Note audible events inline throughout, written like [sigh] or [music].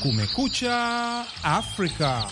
Kumekucha Afrika.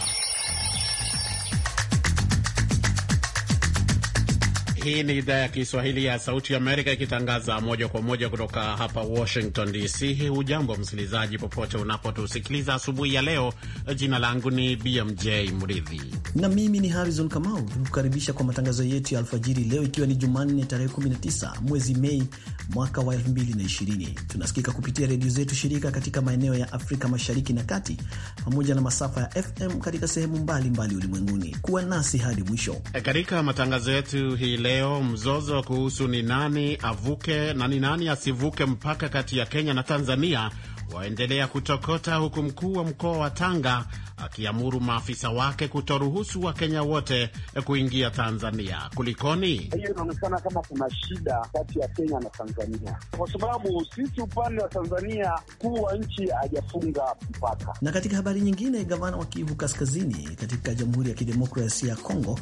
Hii ni idhaa ya Kiswahili ya Sauti Amerika ikitangaza moja kwa moja kutoka hapa Washington DC. Hujambo msikilizaji, popote unapotusikiliza asubuhi ya leo. Jina langu ni BMJ Mridhi na mimi ni Harrison Kamau, tukukaribisha kwa matangazo yetu ya alfajiri leo, ikiwa ni Jumanne tarehe 19 mwezi Mei mwaka wa 2020. Tunasikika kupitia redio zetu shirika katika maeneo ya Afrika Mashariki na Kati pamoja na masafa ya FM katika sehemu mbalimbali ulimwenguni. Kuwa nasi hadi mwisho e, katika matangazo yetu hii leo leo mzozo kuhusu ni nani avuke na ni nani asivuke mpaka kati ya Kenya na Tanzania waendelea kutokota huku mkuu wa mkoa wa Tanga akiamuru maafisa wake kutoruhusu Wakenya wote kuingia Tanzania. Kulikoni? Hiyo inaonekana kama kuna shida kati ya Kenya na Tanzania, kwa sababu sisi upande wa Tanzania mkuu wa nchi hajafunga mpaka. Na katika habari nyingine, gavana wa Kivu Kaskazini katika Jamhuri ya Kidemokrasia ya Kongo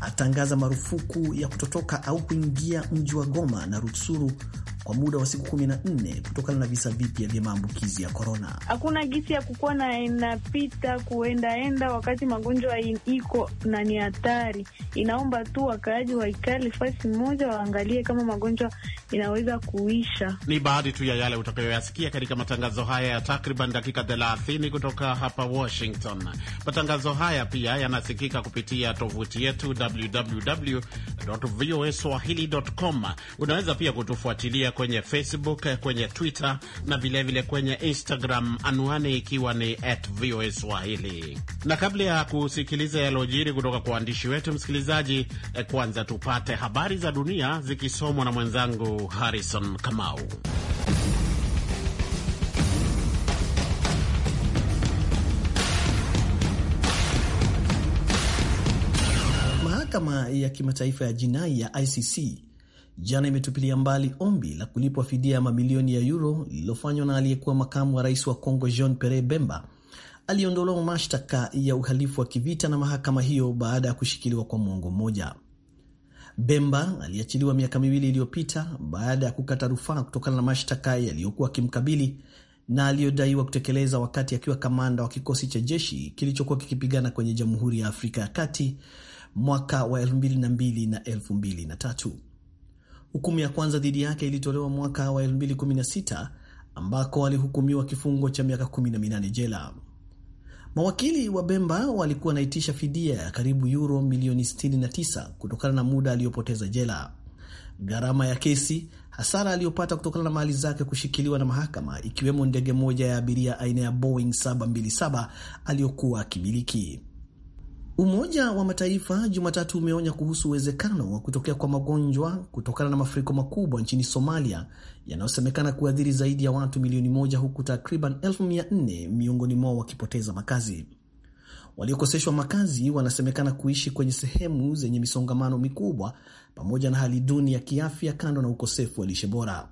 atangaza marufuku ya kutotoka au kuingia mji wa Goma na Rutsuru kwa muda wa siku 14 kutokana na visa vipya vya maambukizi ya korona. Hakuna gisi ya kukuwa na inapita kuendaenda wakati magonjwa iko na ni hatari. Inaomba tu wakaaji waikali fasi moja, waangalie kama magonjwa inaweza kuisha. Ni baadhi tu ya yale utakayoyasikia katika matangazo haya ya takriban dakika 30 kutoka hapa Washington. Matangazo haya pia yanasikika kupitia tovuti yetu www Unaweza pia kutufuatilia kwenye Facebook, kwenye Twitter na vilevile vile kwenye Instagram, anwani ikiwa ni at VOA Swahili. Na kabla ya kusikiliza yalojiri kutoka kwa waandishi wetu, msikilizaji, eh, kwanza tupate habari za dunia zikisomwa na mwenzangu Harrison Kamau. Mahakama ya kimataifa ya jinai ya ICC jana imetupilia mbali ombi la kulipwa fidia ya mamilioni ya euro lililofanywa na aliyekuwa makamu wa rais wa congo Jean pere Bemba aliyeondolewa mashtaka ya uhalifu wa kivita na mahakama hiyo baada ya kushikiliwa kwa mwongo mmoja. Bemba aliachiliwa miaka miwili iliyopita baada ya kukata rufaa kutokana na mashtaka yaliyokuwa akimkabili na aliyodaiwa kutekeleza wakati akiwa kamanda wa kikosi cha jeshi kilichokuwa kikipigana kwenye Jamhuri ya Afrika ya Kati mwaka wa 2002 na 2003. Hukumu ya kwanza dhidi yake ilitolewa mwaka wa 2016 ambako alihukumiwa kifungo cha miaka 18 jela. Mawakili wa Bemba walikuwa wanaitisha fidia ya karibu yuro milioni 69 kutokana na muda aliyopoteza jela. Gharama ya kesi, hasara aliyopata kutokana na mali zake kushikiliwa na mahakama, ikiwemo ndege moja ya abiria aina ya Boeing 727 aliyokuwa akimiliki. Umoja wa Mataifa Jumatatu umeonya kuhusu uwezekano wa kutokea kwa magonjwa kutokana na mafuriko makubwa nchini Somalia yanayosemekana kuathiri zaidi ya watu milioni moja huku takriban elfu mia nne miongoni mwao wakipoteza makazi. Waliokoseshwa makazi wanasemekana kuishi kwenye sehemu zenye misongamano mikubwa pamoja na hali duni ya kiafya, kando na ukosefu wa lishe bora.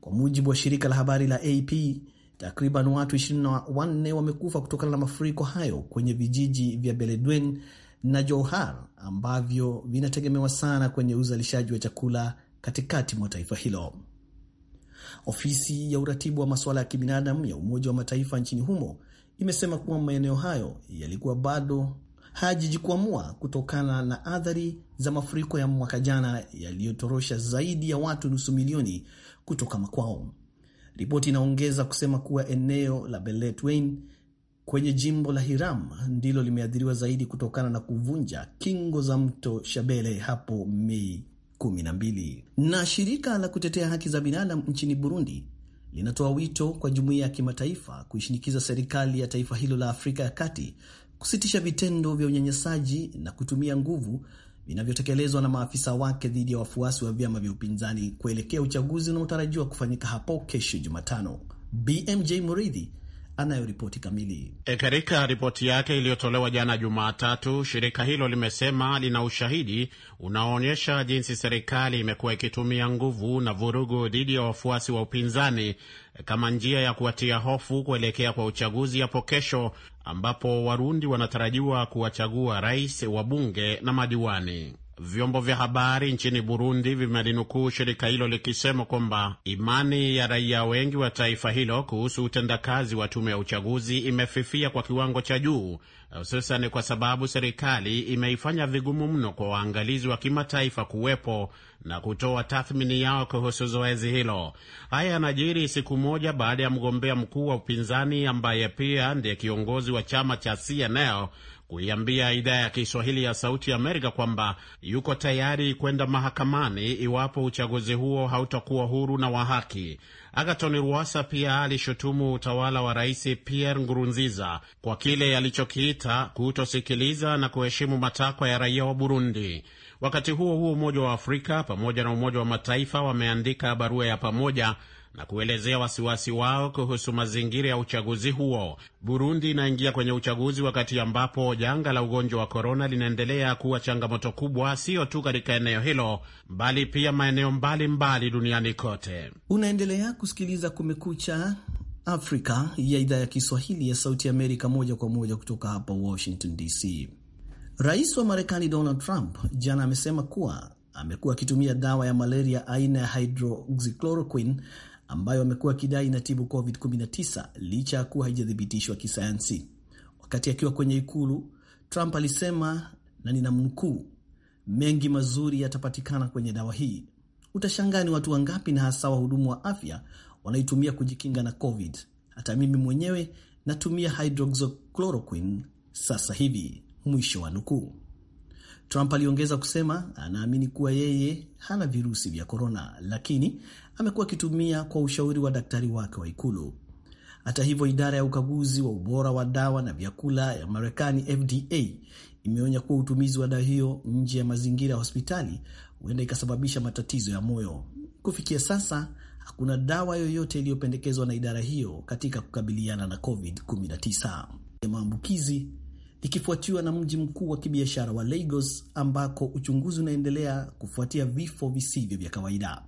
Kwa mujibu wa shirika la habari la AP, Takriban watu 24 wamekufa kutokana na mafuriko hayo kwenye vijiji vya Beledwen na Johar ambavyo vinategemewa sana kwenye uzalishaji wa chakula katikati mwa taifa hilo. Ofisi ya uratibu wa masuala ya kibinadamu ya Umoja wa Mataifa nchini humo imesema kuwa maeneo hayo yalikuwa bado hayajijikwamua kutokana na athari za mafuriko ya mwaka jana yaliyotorosha zaidi ya watu nusu milioni kutoka makwao. Ripoti inaongeza kusema kuwa eneo la Beledweyne kwenye jimbo la Hiram ndilo limeathiriwa zaidi kutokana na kuvunja kingo za mto Shabele hapo Mei 12. Na shirika la kutetea haki za binadamu nchini Burundi linatoa wito kwa jumuiya ya kimataifa kuishinikiza serikali ya taifa hilo la Afrika ya Kati kusitisha vitendo vya unyanyasaji na kutumia nguvu vinavyotekelezwa na maafisa wake dhidi ya wafuasi wa vyama vya upinzani kuelekea uchaguzi unaotarajiwa kufanyika hapo kesho Jumatano. BMJ Muridhi anayoripoti kamili. E, katika ripoti yake iliyotolewa jana Jumatatu, shirika hilo limesema lina ushahidi unaoonyesha jinsi serikali imekuwa ikitumia nguvu na vurugu dhidi ya wafuasi wa upinzani kama njia ya kuwatia hofu kuelekea kwa uchaguzi hapo kesho ambapo Warundi wanatarajiwa kuwachagua rais, wabunge na madiwani. Vyombo vya habari nchini Burundi vimelinukuu shirika hilo likisema kwamba imani ya raia wengi wa taifa hilo kuhusu utendakazi wa tume ya uchaguzi imefifia kwa kiwango cha juu, hususan kwa sababu serikali imeifanya vigumu mno kwa waangalizi wa kimataifa kuwepo na kutoa tathmini yao kuhusu zoezi hilo. Haya yanajiri siku moja baada ya mgombea mkuu wa upinzani ambaye pia ndiye kiongozi wa chama cha CNL kuiambia idhaa ya Kiswahili ya Sauti ya Amerika kwamba yuko tayari kwenda mahakamani iwapo uchaguzi huo hautakuwa huru na wa haki. Agaton Rwasa pia alishutumu utawala wa Rais Pierre ngurunziza kwa kile alichokiita kutosikiliza na kuheshimu matakwa ya raia wa Burundi. Wakati huo huo, Umoja wa Afrika pamoja na Umoja wa Mataifa wameandika barua ya pamoja na kuelezea wasiwasi wao kuhusu mazingira ya uchaguzi huo. Burundi inaingia kwenye uchaguzi wakati ambapo janga la ugonjwa wa korona linaendelea kuwa changamoto kubwa, sio tu katika eneo hilo, bali pia maeneo mbalimbali duniani kote. Unaendelea kusikiliza Kumekucha Afrika ya idhaa ya Kiswahili ya Sauti Amerika, moja kwa moja kutoka hapa Washington DC. Rais wa Marekani Donald Trump jana amesema kuwa amekuwa akitumia dawa ya malaria aina ya hydroxychloroquine ambayo amekuwa akidai inatibu COVID-19 licha ya kuwa haijathibitishwa kisayansi. Wakati akiwa kwenye Ikulu, Trump alisema na ninamnukuu, mengi mazuri yatapatikana kwenye dawa hii. Utashangaa ni watu wangapi na hasa wahudumu wa afya wanaitumia kujikinga na COVID. Hata mimi mwenyewe natumia hydroxychloroquine sasa hivi, mwisho wa nukuu. Trump aliongeza kusema anaamini kuwa yeye hana virusi vya korona, lakini amekuwa akitumia kwa ushauri wa daktari wake wa Ikulu. Hata hivyo, idara ya ukaguzi wa ubora wa dawa na vyakula ya Marekani, FDA, imeonya kuwa utumizi wa dawa hiyo nje ya mazingira ya hospitali huenda ikasababisha matatizo ya moyo. Kufikia sasa hakuna dawa yoyote iliyopendekezwa na idara hiyo katika kukabiliana na COVID-19 maambukizi ikifuatiwa na mji mkuu wa kibiashara wa Lagos ambako uchunguzi unaendelea kufuatia vifo visivyo vya kawaida.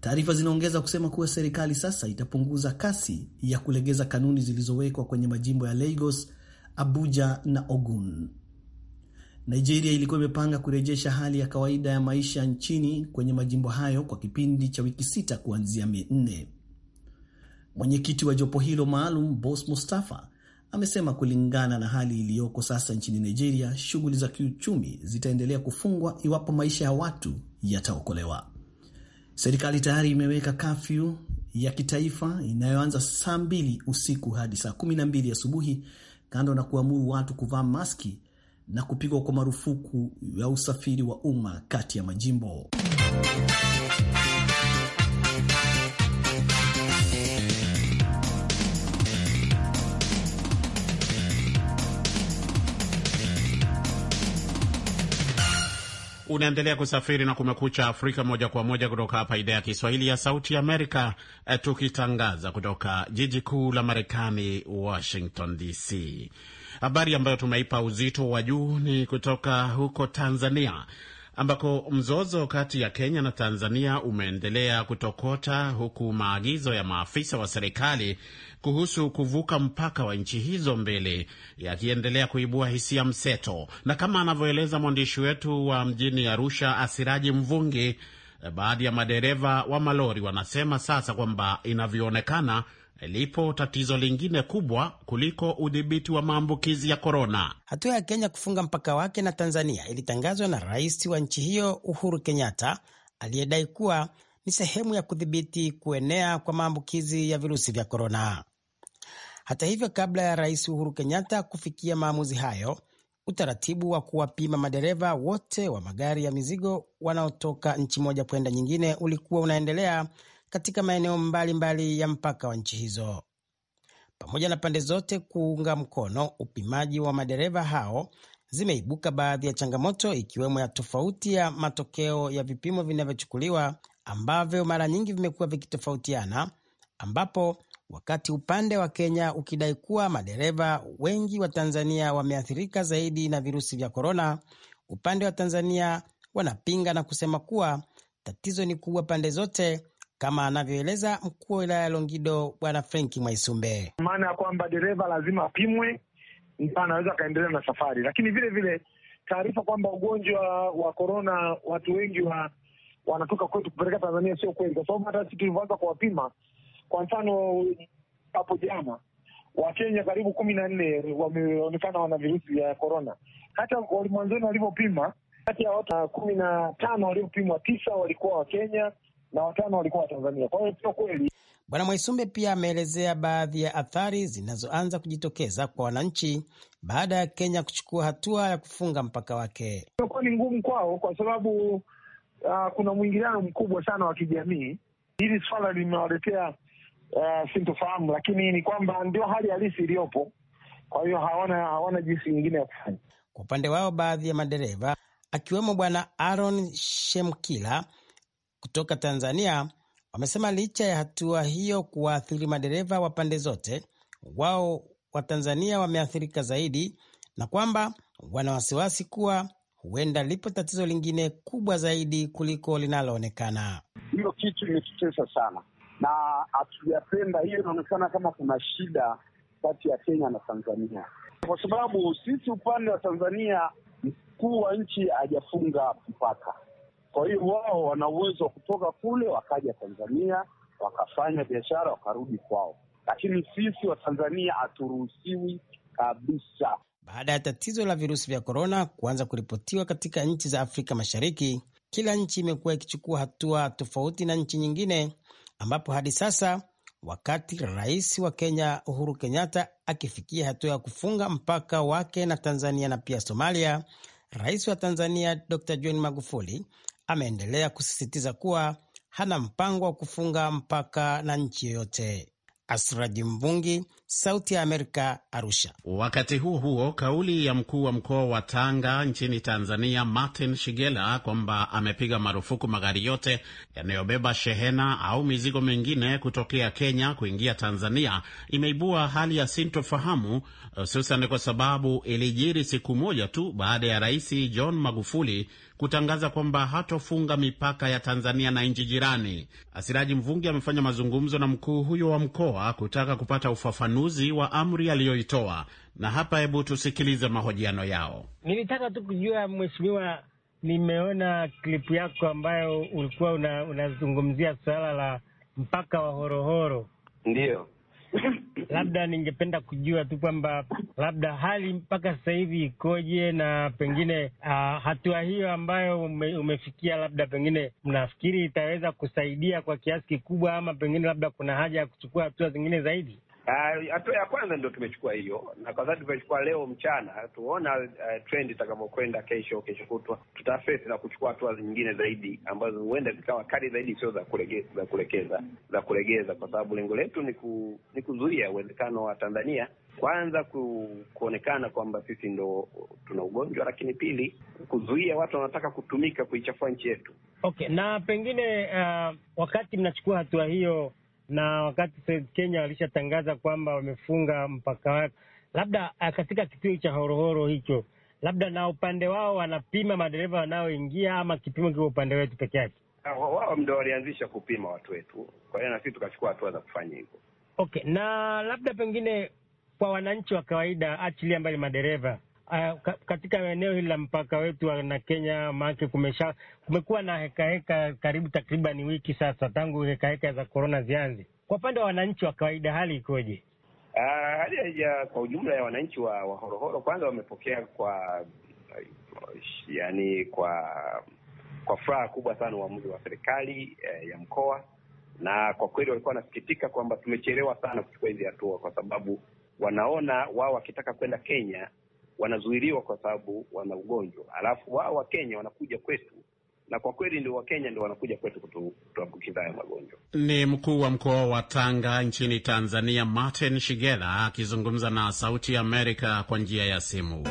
Taarifa zinaongeza kusema kuwa serikali sasa itapunguza kasi ya kulegeza kanuni zilizowekwa kwenye majimbo ya Lagos, Abuja na Ogun. Nigeria ilikuwa imepanga kurejesha hali ya kawaida ya maisha nchini kwenye majimbo hayo kwa kipindi cha wiki sita kuanzia Mei nne. Mwenyekiti wa jopo hilo maalum Bos Mustafa amesema kulingana na hali iliyoko sasa nchini Nigeria, shughuli za kiuchumi zitaendelea kufungwa iwapo maisha ya watu yataokolewa. Serikali tayari imeweka kafyu ya kitaifa inayoanza saa mbili usiku hadi saa kumi na mbili asubuhi, kando na kuamuru watu kuvaa maski na kupigwa kwa marufuku ya usafiri wa umma kati ya majimbo. Unaendelea kusafiri na Kumekucha Afrika moja kwa moja kutoka hapa idhaa ya Kiswahili ya Sauti Amerika, eh, tukitangaza kutoka jiji kuu la Marekani, Washington DC. Habari ambayo tumeipa uzito wa juu ni kutoka huko Tanzania ambako mzozo kati ya Kenya na Tanzania umeendelea kutokota huku maagizo ya maafisa wa serikali kuhusu kuvuka mpaka wa nchi hizo mbili yakiendelea kuibua hisia mseto, na kama anavyoeleza mwandishi wetu wa mjini Arusha, Asiraji Mvungi, baadhi ya madereva wa malori wanasema sasa kwamba inavyoonekana lipo tatizo lingine kubwa kuliko udhibiti wa maambukizi ya korona. Hatua ya Kenya kufunga mpaka wake na Tanzania ilitangazwa na rais wa nchi hiyo Uhuru Kenyatta, aliyedai kuwa ni sehemu ya kudhibiti kuenea kwa maambukizi ya virusi vya korona. Hata hivyo, kabla ya rais Uhuru Kenyatta kufikia maamuzi hayo, utaratibu wa kuwapima madereva wote wa magari ya mizigo wanaotoka nchi moja kwenda nyingine ulikuwa unaendelea katika maeneo mbalimbali ya mpaka wa nchi hizo, pamoja na pande zote kuunga mkono upimaji wa madereva hao. Zimeibuka baadhi ya changamoto ikiwemo ya tofauti ya matokeo ya vipimo vinavyochukuliwa ambavyo mara nyingi vimekuwa vikitofautiana, ambapo wakati upande wa Kenya ukidai kuwa madereva wengi wa Tanzania wameathirika zaidi na virusi vya korona, upande wa Tanzania wanapinga na kusema kuwa tatizo ni kubwa pande zote kama anavyoeleza mkuu wa wilaya ya Longido Bwana Frenki Mwaisumbe. Maana ya kwamba dereva lazima apimwe, ndio anaweza akaendelea na safari, lakini vile vile taarifa kwamba ugonjwa wa korona watu wengi wa wanatoka kwetu kupeleka Tanzania sio kweli, kwa sababu hata sisi tulivyoanza kuwapima, kwa mfano hapo jana Wakenya karibu kumi na nne wameonekana wana virusi vya korona. Hata walimwanzoni walivyopima, kati ya watu kumi na tano waliopimwa, tisa walikuwa Wakenya na watano walikuwa Watanzania. Kwa hiyo sio kweli. Bwana Mwaisumbe pia ameelezea baadhi ya athari zinazoanza kujitokeza kwa wananchi baada ya Kenya kuchukua hatua ya kufunga mpaka wake. Imekuwa ni ngumu kwao kwa sababu uh, kuna mwingiliano mkubwa sana wa kijamii. Hili swala limewaletea uh, sintofahamu, lakini ni kwamba ndio hali halisi iliyopo. Kwa hiyo hawana hawana jinsi nyingine ya kufanya. Kwa upande wao, baadhi ya madereva akiwemo Bwana Aaron Shemkila kutoka Tanzania wamesema licha ya hatua hiyo kuwaathiri madereva wa pande zote, wao Watanzania wameathirika zaidi na kwamba wana wasiwasi kuwa huenda lipo tatizo lingine kubwa zaidi kuliko linaloonekana. Hiyo kitu imetutesa sana na hatujapenda. Hiyo inaonekana kama kuna shida kati ya Kenya na Tanzania, kwa sababu sisi upande wa Tanzania mkuu wa nchi hajafunga mpaka kwa hiyo wao wana uwezo wa kutoka kule wakaja Tanzania wakafanya biashara wakarudi kwao, lakini sisi wa tanzania haturuhusiwi kabisa. Baada ya tatizo la virusi vya korona kuanza kuripotiwa katika nchi za Afrika Mashariki, kila nchi imekuwa ikichukua hatua tofauti na nchi nyingine, ambapo hadi sasa wakati rais wa Kenya Uhuru Kenyatta akifikia hatua ya kufunga mpaka wake na Tanzania na pia Somalia, rais wa Tanzania Dr John Magufuli ameendelea kusisitiza kuwa hana mpango wa kufunga mpaka na nchi yoyote. Asraji Mbungi, Sauti ya Amerika, Arusha. Wakati huo huo, kauli ya mkuu wa mkoa wa Tanga nchini Tanzania, Martin Shigela, kwamba amepiga marufuku magari yote yanayobeba shehena au mizigo mingine kutokea Kenya kuingia Tanzania imeibua hali ya sintofahamu, hususan kwa sababu ilijiri siku moja tu baada ya Rais John Magufuli kutangaza kwamba hatofunga mipaka ya Tanzania na nchi jirani. Asiraji Mvungi amefanya mazungumzo na mkuu huyo wa mkoa kutaka kupata ufafanuzi wa amri aliyoitoa, na hapa, hebu tusikilize mahojiano yao. Nilitaka tu kujua mheshimiwa, nimeona klipu yako ambayo ulikuwa unazungumzia una suala la mpaka wa Horohoro. Ndiyo, [coughs] labda ningependa kujua tu kwamba labda hali mpaka sasa hivi ikoje, na pengine uh, hatua hiyo ambayo ume, umefikia labda pengine mnafikiri itaweza kusaidia kwa kiasi kikubwa, ama pengine labda kuna haja ya kuchukua hatua zingine zaidi? Ah, hatua uh, ya kwanza ndio tumechukua hiyo, na kwa sababu tumechukua leo mchana, tuona uh, eh, trend itakapokwenda kesho, kesho kutwa, tutafeti na kuchukua hatua nyingine zaidi ambazo huenda zikawa kali zaidi, sio za kulegeza, za kulekeza za kulegeza, kwa sababu lengo letu ni ku, ni kuzuia uwezekano wa Tanzania kwanza ku, kuonekana kwamba sisi ndo tuna ugonjwa, lakini pili kuzuia watu wanataka kutumika kuichafua nchi yetu. Okay, na pengine uh, wakati mnachukua hatua hiyo na wakati Kenya walishatangaza kwamba wamefunga mpaka wake, labda ah, katika kituo cha horohoro hicho, labda na upande wao wanapima madereva wanaoingia, ama kipimo kiko upande wetu peke yake? Ah, wao ndo walianzisha kupima watu wetu, kwa hiyo na sisi tukachukua hatua za kufanya hivyo. Okay, na labda pengine kwa wananchi wa kawaida, achilia mbali madereva Ah, katika eneo hili la mpaka wetu na Kenya, maake kumesha kumekuwa na hekaheka heka, karibu takriban wiki sasa tangu hekaheka heka za korona zianze. Kwa upande wa wananchi wa kawaida hali ikoje? Uh, ya kwa ujumla ya wananchi wa Horohoro kwanza wamepokea kwa yani kwa kwa furaha kubwa sana uamuzi wa serikali eh, ya mkoa, na kwa kweli walikuwa wanasikitika kwamba tumechelewa sana kuchukua hizi hatua, kwa sababu wanaona wao wakitaka kwenda Kenya wanazuiliwa kwa sababu wana ugonjwa, alafu wao Wakenya wanakuja kwetu na kwa kweli ndio Wakenya ndio wanakuja kwetu kutuambukiza haya magonjwa. Ni mkuu wa mkoa wa Tanga nchini Tanzania, Martin Shigela akizungumza na Sauti ya Amerika kwa njia ya simu.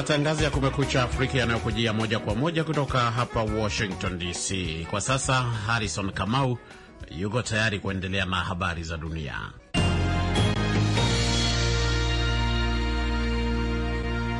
matangazo ya Kumekucha Afrika yanayokujia moja kwa moja kutoka hapa Washington DC. Kwa sasa, Harrison Kamau yuko tayari kuendelea na habari za dunia.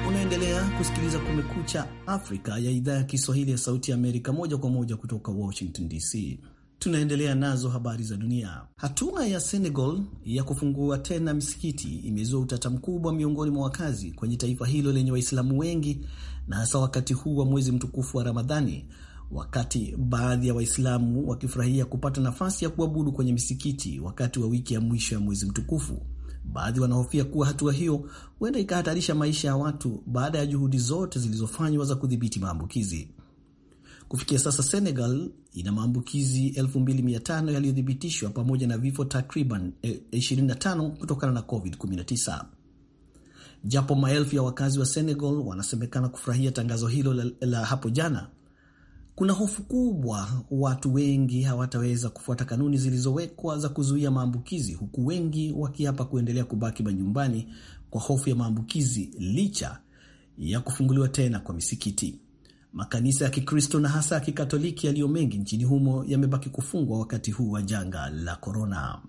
Unaendelea kusikiliza Kumekucha Afrika ya idhaa ya Kiswahili ya Sauti ya Amerika, moja kwa moja kutoka Washington DC. Tunaendelea nazo habari za dunia. Hatua ya Senegal ya kufungua tena misikiti imezua utata mkubwa miongoni mwa wakazi kwenye taifa hilo lenye Waislamu wengi na hasa wakati huu wa mwezi mtukufu wa Ramadhani, wakati baadhi ya Waislamu wakifurahia kupata nafasi ya kuabudu kwenye misikiti wakati wa wiki ya mwisho ya mwezi mtukufu. Baadhi wanahofia kuwa hatua hiyo huenda ikahatarisha maisha ya watu baada ya juhudi zote zilizofanywa za kudhibiti maambukizi. Kufikia sasa Senegal ina maambukizi 2500 yaliyothibitishwa pamoja na vifo takriban 25 eh, kutokana na COVID-19. Japo maelfu ya wakazi wa Senegal wanasemekana kufurahia tangazo hilo la, la hapo jana, kuna hofu kubwa watu wengi hawataweza kufuata kanuni zilizowekwa za kuzuia maambukizi, huku wengi wakiapa kuendelea kubaki manyumbani kwa hofu ya maambukizi licha ya kufunguliwa tena kwa misikiti. Makanisa ya Kikristo na hasa ya Kikatoliki yaliyo mengi nchini humo yamebaki kufungwa wakati huu wa janga la korona.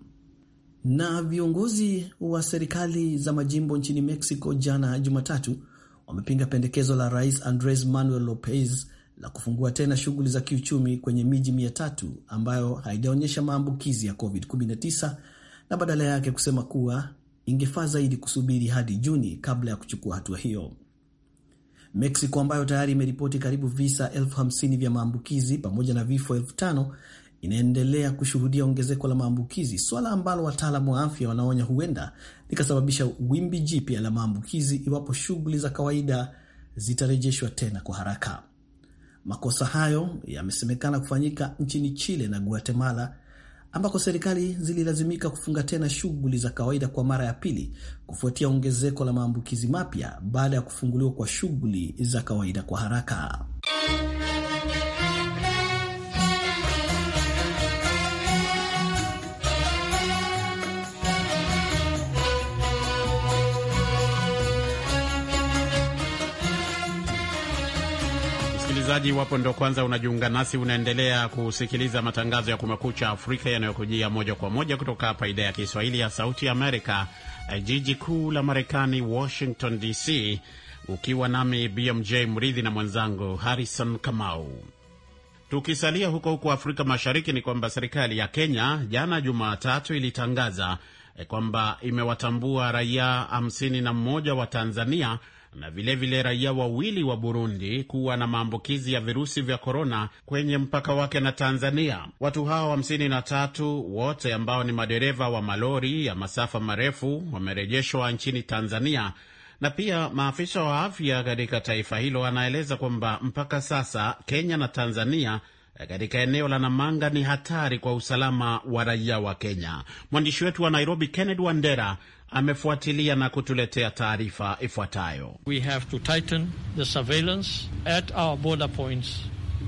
Na viongozi wa serikali za majimbo nchini Mexico jana Jumatatu wamepinga pendekezo la Rais Andres Manuel Lopez la kufungua tena shughuli za kiuchumi kwenye miji mia tatu ambayo haijaonyesha maambukizi ya COVID-19 na badala yake kusema kuwa ingefaa zaidi kusubiri hadi Juni kabla ya kuchukua hatua hiyo. Mexico ambayo tayari imeripoti karibu visa elfu hamsini vya maambukizi pamoja na vifo elfu tano inaendelea kushuhudia ongezeko la maambukizi, swala ambalo wataalamu wa afya wanaonya huenda likasababisha wimbi jipya la maambukizi iwapo shughuli za kawaida zitarejeshwa tena kwa haraka. Makosa hayo yamesemekana kufanyika nchini Chile na Guatemala ambako serikali zililazimika kufunga tena shughuli za kawaida kwa mara ya pili kufuatia ongezeko la maambukizi mapya baada ya kufunguliwa kwa shughuli za kawaida kwa haraka. msikilizaji, iwapo ndo kwanza unajiunga nasi, unaendelea kusikiliza matangazo ya Kumekucha Afrika yanayokujia moja kwa moja kutoka hapa idhaa ya Kiswahili ya Sauti Amerika, eh, jiji kuu la Marekani, Washington DC, ukiwa nami BMJ Mridhi na mwenzangu Harrison Kamau. Tukisalia huko huko Afrika Mashariki, ni kwamba serikali ya Kenya jana Jumatatu ilitangaza eh, kwamba imewatambua raia 51 wa Tanzania na vilevile raia wawili wa Burundi kuwa na maambukizi ya virusi vya korona kwenye mpaka wake na Tanzania. Watu hao hamsini na tatu wote ambao ni madereva wa malori ya masafa marefu wamerejeshwa nchini Tanzania na pia maafisa wa afya katika taifa hilo anaeleza kwamba mpaka sasa Kenya na Tanzania eh, katika eneo la Namanga ni hatari kwa usalama wa raia wa Kenya. Mwandishi wetu wa Nairobi, Kenneth Wandera, amefuatilia na kutuletea taarifa ifuatayo. We have to tighten the surveillance at our border points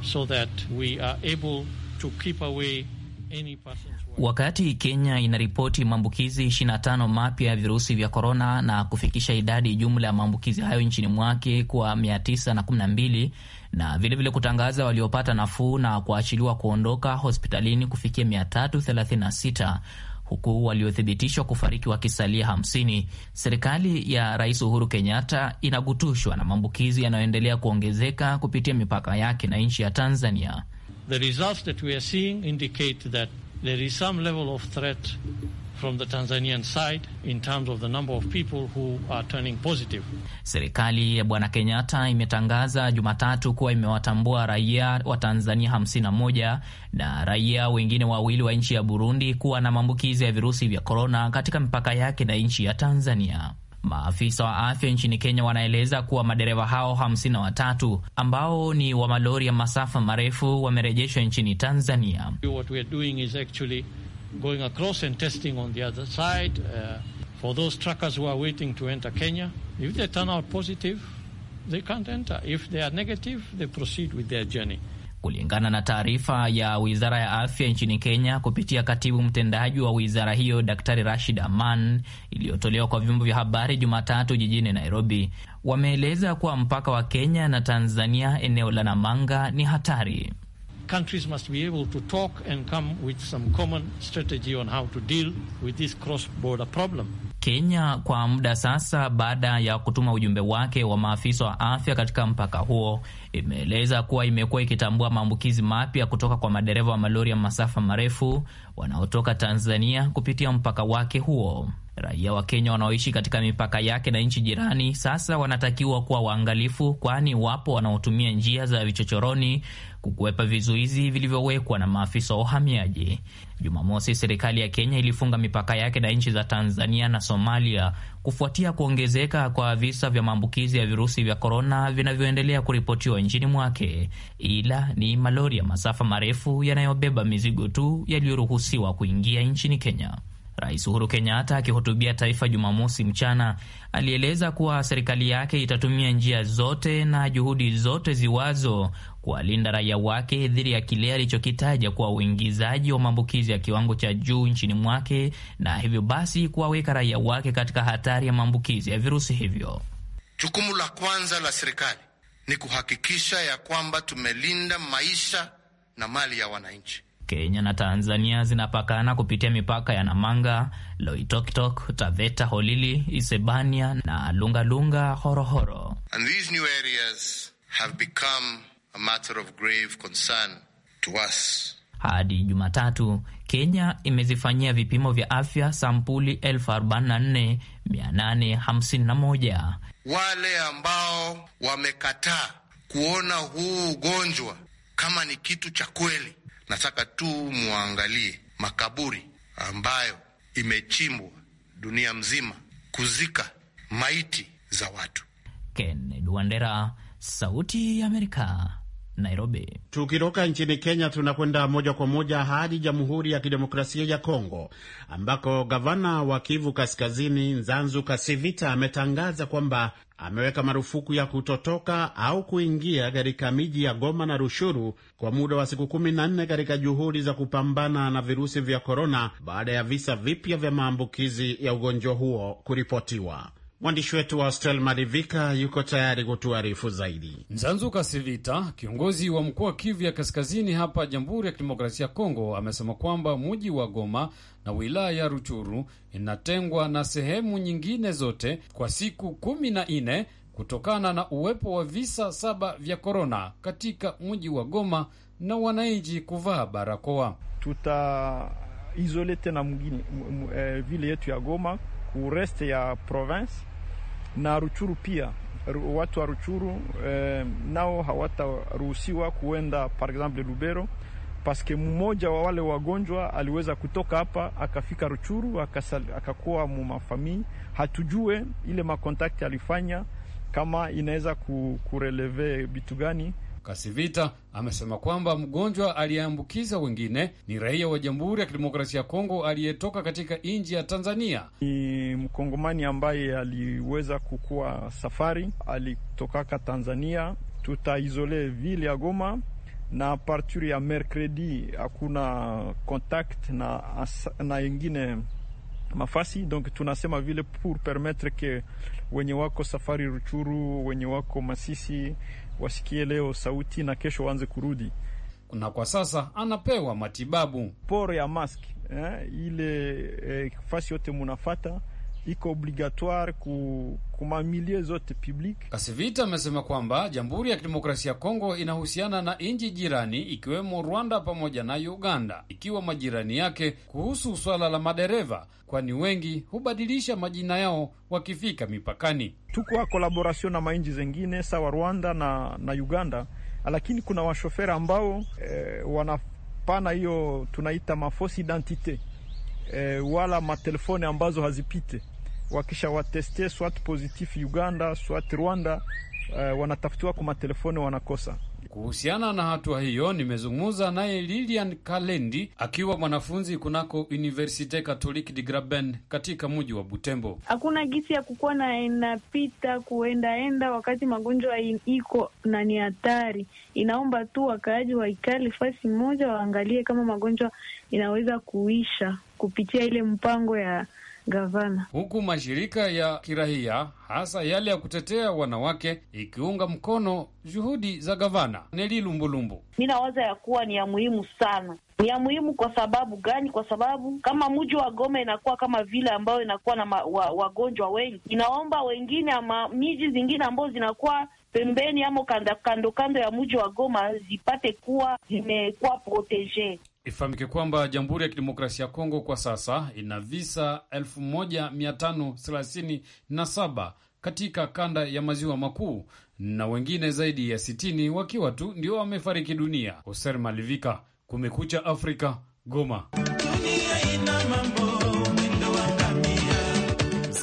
so that we are able to keep away any persons. Wakati Kenya inaripoti maambukizi 25 mapya ya virusi vya korona na kufikisha idadi jumla ya maambukizi hayo nchini mwake kuwa 912 na vilevile vile kutangaza waliopata nafuu na kuachiliwa kuondoka hospitalini kufikia 336 huku waliothibitishwa kufariki wakisalia hamsini. Serikali ya Rais Uhuru Kenyatta inagutushwa na maambukizi yanayoendelea kuongezeka kupitia mipaka yake na nchi ya Tanzania. The results that we are seeing indicate that there is some level of threat from the Tanzanian side in terms of the number of people who are turning positive. Serikali ya Bwana Kenyatta imetangaza Jumatatu kuwa imewatambua raia wa Tanzania 51 na raia wengine wawili wa nchi ya Burundi kuwa na maambukizi ya virusi vya korona katika mipaka yake na nchi ya Tanzania. Maafisa wa afya nchini Kenya wanaeleza kuwa madereva hao 53 ambao ni wa malori ya masafa marefu wamerejeshwa nchini Tanzania. What we are doing is actually going across and testing on the other side. Uh, for those truckers who are waiting to enter Kenya, if they turn out positive, they can't enter. If they are negative, they proceed with their journey. Kulingana na taarifa ya wizara ya afya nchini Kenya kupitia katibu mtendaji wa wizara hiyo Daktari Rashid Aman iliyotolewa kwa vyombo vya habari Jumatatu jijini Nairobi, wameeleza kuwa mpaka wa Kenya na Tanzania, eneo la Namanga, ni hatari countries must be able to talk and come with some common strategy on how to deal with this cross-border problem. Kenya kwa muda sasa, baada ya kutuma ujumbe wake wa maafisa wa afya katika mpaka huo imeeleza kuwa imekuwa ikitambua maambukizi mapya kutoka kwa madereva wa malori ya masafa marefu wanaotoka Tanzania kupitia mpaka wake huo. Raia wa Kenya wanaoishi katika mipaka yake na nchi jirani sasa wanatakiwa kuwa waangalifu, kwani wapo wanaotumia njia za vichochoroni kukwepa vizuizi vilivyowekwa na maafisa wa uhamiaji. Jumamosi, serikali ya Kenya ilifunga mipaka yake na nchi za Tanzania na Somalia kufuatia kuongezeka kwa visa vya maambukizi ya virusi vya korona vinavyoendelea kuripotiwa nchini mwake, ila ni malori ya masafa marefu yanayobeba mizigo tu yaliyoruhusiwa kuingia nchini Kenya. Rais Uhuru Kenyatta akihutubia taifa Jumamosi mchana alieleza kuwa serikali yake itatumia njia zote na juhudi zote ziwazo kuwalinda raia wake dhidi ya kile alichokitaja kuwa uingizaji wa maambukizi ya kiwango cha juu nchini mwake na hivyo basi kuwaweka raia wake katika hatari ya maambukizi ya virusi hivyo. Jukumu la kwanza la serikali ni kuhakikisha ya kwamba tumelinda maisha na mali ya wananchi. Kenya na Tanzania zinapakana kupitia mipaka ya Namanga, Loitoktok, Taveta, Holili, Isebania na Lungalunga, Horohoro. And these new areas have become a matter of grave concern to us. Hadi Jumatatu, Kenya imezifanyia vipimo vya afya sampuli 44851 wale ambao wamekataa kuona huu ugonjwa kama ni kitu cha kweli Nataka tu mwangalie makaburi ambayo imechimbwa dunia mzima kuzika maiti za watu. Ken Wandera, Sauti ya Amerika, Nairobi. Tukitoka nchini Kenya, tunakwenda moja kwa moja hadi Jamhuri ya Kidemokrasia ya Kongo, ambako gavana wa Kivu Kaskazini Nzanzu Kasivita ametangaza kwamba ameweka marufuku ya kutotoka au kuingia katika miji ya Goma na Rushuru kwa muda wa siku kumi na nne katika juhudi za kupambana na virusi vya korona baada ya visa vipya vya maambukizi ya ugonjwa huo kuripotiwa. Mwandishi wetu wa Astel Malivika yuko tayari kutuarifu zaidi. Nzanzuka Sivita, kiongozi wa mkoa wa Kivu ya Kaskazini hapa Jamhuri ya Kidemokrasia ya Kongo, amesema kwamba mji wa Goma na wilaya ya Ruchuru inatengwa na sehemu nyingine zote kwa siku kumi na nne kutokana na uwepo wa visa saba vya korona katika mji wa Goma na wananchi kuvaa barakoa. Tutaizole tena mgini eh, vile yetu ya Goma kureste ya province na Ruchuru pia watu wa Ruchuru eh, nao hawataruhusiwa kuenda par exemple Lubero paske mmoja wa wale wagonjwa aliweza kutoka hapa akafika Ruchuru akakuwa mumafamii, hatujue ile makontakti alifanya kama inaweza kureleve bitu gani Kasivita amesema kwamba mgonjwa aliyeambukiza wengine ni raia wa Jamhuri ya Kidemokrasia ya Kongo aliyetoka katika nchi ya Tanzania. Ni mkongomani ambaye aliweza kukua safari, alitokaka Tanzania. Tutaizole vile ya Goma na partir ya mercredi hakuna contact na na ingine mafasi donc tunasema vile pour permettre ke wenye wako safari Ruchuru, wenye wako Masisi wasikie leo sauti na kesho waanze kurudi. Na kwa sasa anapewa matibabu poro ya mask eh, ile eh, fasi yote munafata iko obligatoire ku, ku mamilie zote public. Kasivita amesema kwamba Jamhuri ya Kidemokrasia ya Kongo inahusiana na nchi jirani ikiwemo Rwanda pamoja na Uganda ikiwa majirani yake kuhusu swala la madereva, kwani wengi hubadilisha majina yao wakifika mipakani. Tuko wa kolaborasio na mainji zengine sawa Rwanda na, na Uganda, lakini kuna washofera ambao eh, wanapana hiyo tunaita mafosi identite eh, wala matelefone ambazo hazipite wateste swat positif Uganda, swat Rwanda, uh, wanatafutiwa kwa matelefoni wanakosa. Kuhusiana na hatua hiyo nimezungumza naye Lilian Kalendi akiwa mwanafunzi kunako Universite Katoliki de Graben katika mji wa Butembo. Hakuna gisi ya kukuwa na inapita kuendaenda wakati magonjwa iko na ni hatari, inaomba tu wakaaji waikali fasi moja waangalie kama magonjwa inaweza kuisha kupitia ile mpango ya gavana, huku mashirika ya kirahia hasa yale ya kutetea wanawake ikiunga mkono juhudi za gavana Neli Lumbulumbu. Mi nawaza ya kuwa ni ya muhimu sana. Ni ya muhimu kwa sababu gani? Kwa sababu kama mji wa Goma inakuwa kama vile ambayo inakuwa na ma, wa, wagonjwa wengi, inaomba wengine ama miji zingine ambayo zinakuwa pembeni ama kando kando ya mji wa Goma zipate kuwa zimekuwa protege. Ifahamike kwamba Jamhuri ya Kidemokrasia ya Kongo kwa sasa ina visa 1537 katika kanda ya maziwa makuu na wengine zaidi ya 60 wakiwa tu ndio wamefariki dunia. Hoser Malivika, Kumekucha Afrika, Goma. Dunia ina mambo.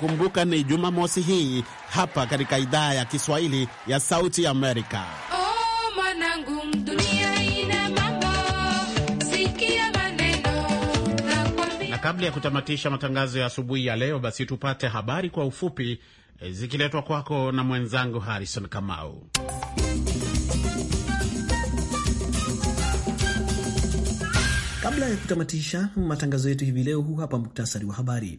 Kumbuka ni Jumamosi hii hapa katika idhaa ya Kiswahili ya Sauti Amerika. Oh, kabla ya kutamatisha matangazo ya asubuhi ya leo, basi tupate habari kwa ufupi eh, zikiletwa kwako na mwenzangu Harrison Kamau. Kabla ya kutamatisha matangazo yetu hivi leo, huu hapa muktasari wa habari.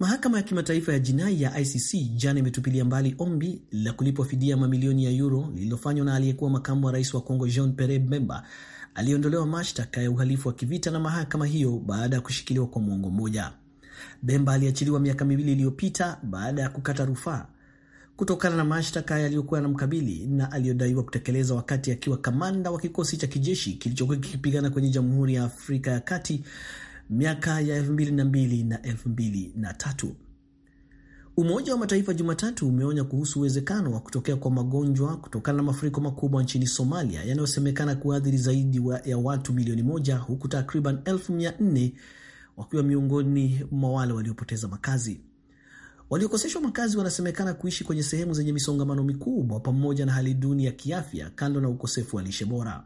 Mahakama ya kimataifa ya jinai ya ICC jana imetupilia mbali ombi la kulipwa fidia mamilioni ya euro lililofanywa na aliyekuwa makamu wa rais wa Kongo Jean Pierre Bemba aliyeondolewa mashtaka ya uhalifu wa kivita na mahakama hiyo baada ya kushikiliwa kwa mwongo mmoja. Bemba aliachiliwa miaka miwili iliyopita baada ya kukata rufaa kutokana na mashtaka yaliyokuwa yanamkabili na aliyodaiwa kutekeleza wakati akiwa kamanda wa kikosi cha kijeshi kilichokuwa kikipigana kwenye Jamhuri ya Afrika ya Kati miaka ya 2002 na 2003. Umoja wa Mataifa Jumatatu umeonya kuhusu uwezekano wa kutokea kwa magonjwa kutokana na mafuriko makubwa nchini Somalia yanayosemekana kuathiri zaidi wa ya watu milioni moja huku takriban elfu mia nne wakiwa miongoni mwa wale waliopoteza makazi. Waliokoseshwa makazi wanasemekana kuishi kwenye sehemu zenye misongamano mikubwa pamoja na hali duni ya kiafya, kando na ukosefu wa lishe bora.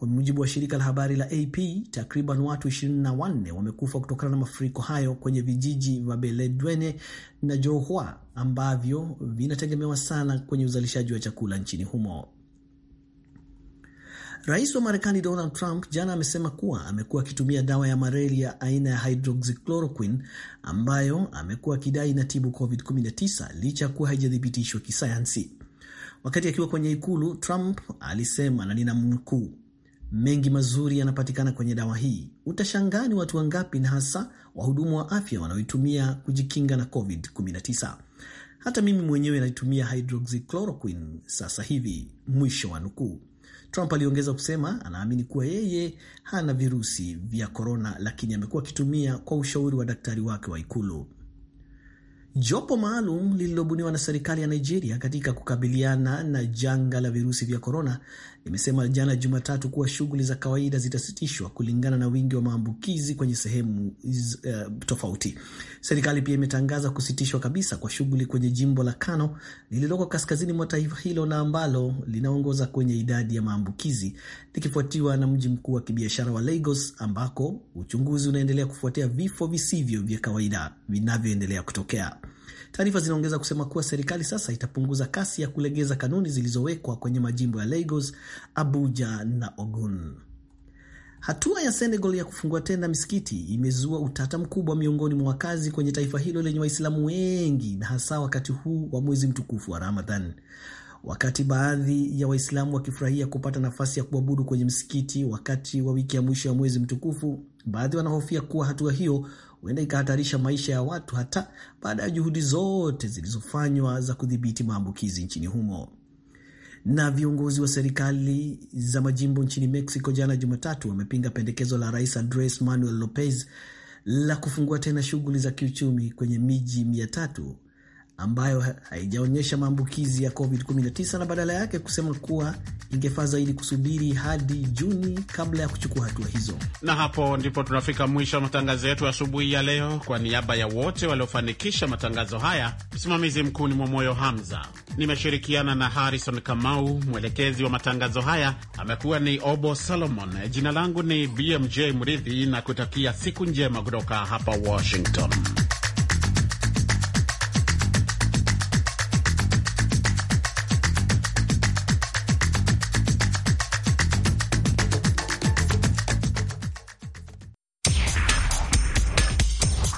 Kwa mujibu wa shirika la habari la AP, takriban watu 24 wamekufa kutokana na mafuriko hayo kwenye vijiji vya beledwene na Johua ambavyo vinategemewa sana kwenye uzalishaji wa chakula nchini humo. Rais wa Marekani Donald Trump jana amesema kuwa amekuwa akitumia dawa ya malaria aina ya hydroxychloroquine ambayo amekuwa akidai inatibu COVID-19 licha ya kuwa haijathibitishwa kisayansi. Wakati akiwa kwenye ikulu, Trump alisema na ninamnukuu, Mengi mazuri yanapatikana kwenye dawa hii. Utashangaa ni watu wangapi na hasa wahudumu wa afya wanaoitumia kujikinga na COVID-19. Hata mimi mwenyewe naitumia hydroxychloroquine sasa hivi, mwisho wa nukuu. Trump aliongeza kusema anaamini kuwa yeye hana virusi vya korona, lakini amekuwa akitumia kwa ushauri wa daktari wake wa Ikulu. Jopo maalum lililobuniwa na serikali ya Nigeria katika kukabiliana na janga la virusi vya korona limesema jana Jumatatu kuwa shughuli za kawaida zitasitishwa kulingana na wingi wa maambukizi kwenye sehemu uh, tofauti. Serikali pia imetangaza kusitishwa kabisa kwa shughuli kwenye jimbo la Kano lililoko kaskazini mwa taifa hilo na ambalo linaongoza kwenye idadi ya maambukizi likifuatiwa na mji mkuu wa kibiashara wa Lagos ambako uchunguzi unaendelea kufuatia vifo visivyo vya kawaida vinavyoendelea kutokea. Taarifa zinaongeza kusema kuwa serikali sasa itapunguza kasi ya kulegeza kanuni zilizowekwa kwenye majimbo ya Lagos, Abuja na Ogun. Hatua ya Senegal ya kufungua tena misikiti imezua utata mkubwa miongoni mwa wakazi kwenye taifa hilo lenye Waislamu wengi na hasa wakati huu wa mwezi mtukufu wa Ramadhan. Wakati baadhi ya Waislamu wakifurahia kupata nafasi ya kuabudu kwenye msikiti wakati wa wiki ya mwisho ya mwezi mtukufu, baadhi wanahofia kuwa hatua hiyo huenda ikahatarisha maisha ya watu hata baada ya juhudi zote zilizofanywa za kudhibiti maambukizi nchini humo. Na viongozi wa serikali za majimbo nchini Mexico jana Jumatatu wamepinga pendekezo la Rais Andres Manuel Lopez la kufungua tena shughuli za kiuchumi kwenye miji mia tatu ambayo haijaonyesha maambukizi ya COVID-19 na badala yake kusema kuwa ingefaa zaidi kusubiri hadi Juni kabla ya kuchukua hatua hizo. Na hapo ndipo tunafika mwisho wa matangazo yetu asubuhi ya leo. Kwa niaba ya wote waliofanikisha matangazo haya, msimamizi mkuu ni Mwamoyo Hamza, nimeshirikiana na Harrison Kamau, mwelekezi wa matangazo haya amekuwa ni Obo Solomon. Jina langu ni BMJ Mridhi na kutakia siku njema kutoka hapa Washington.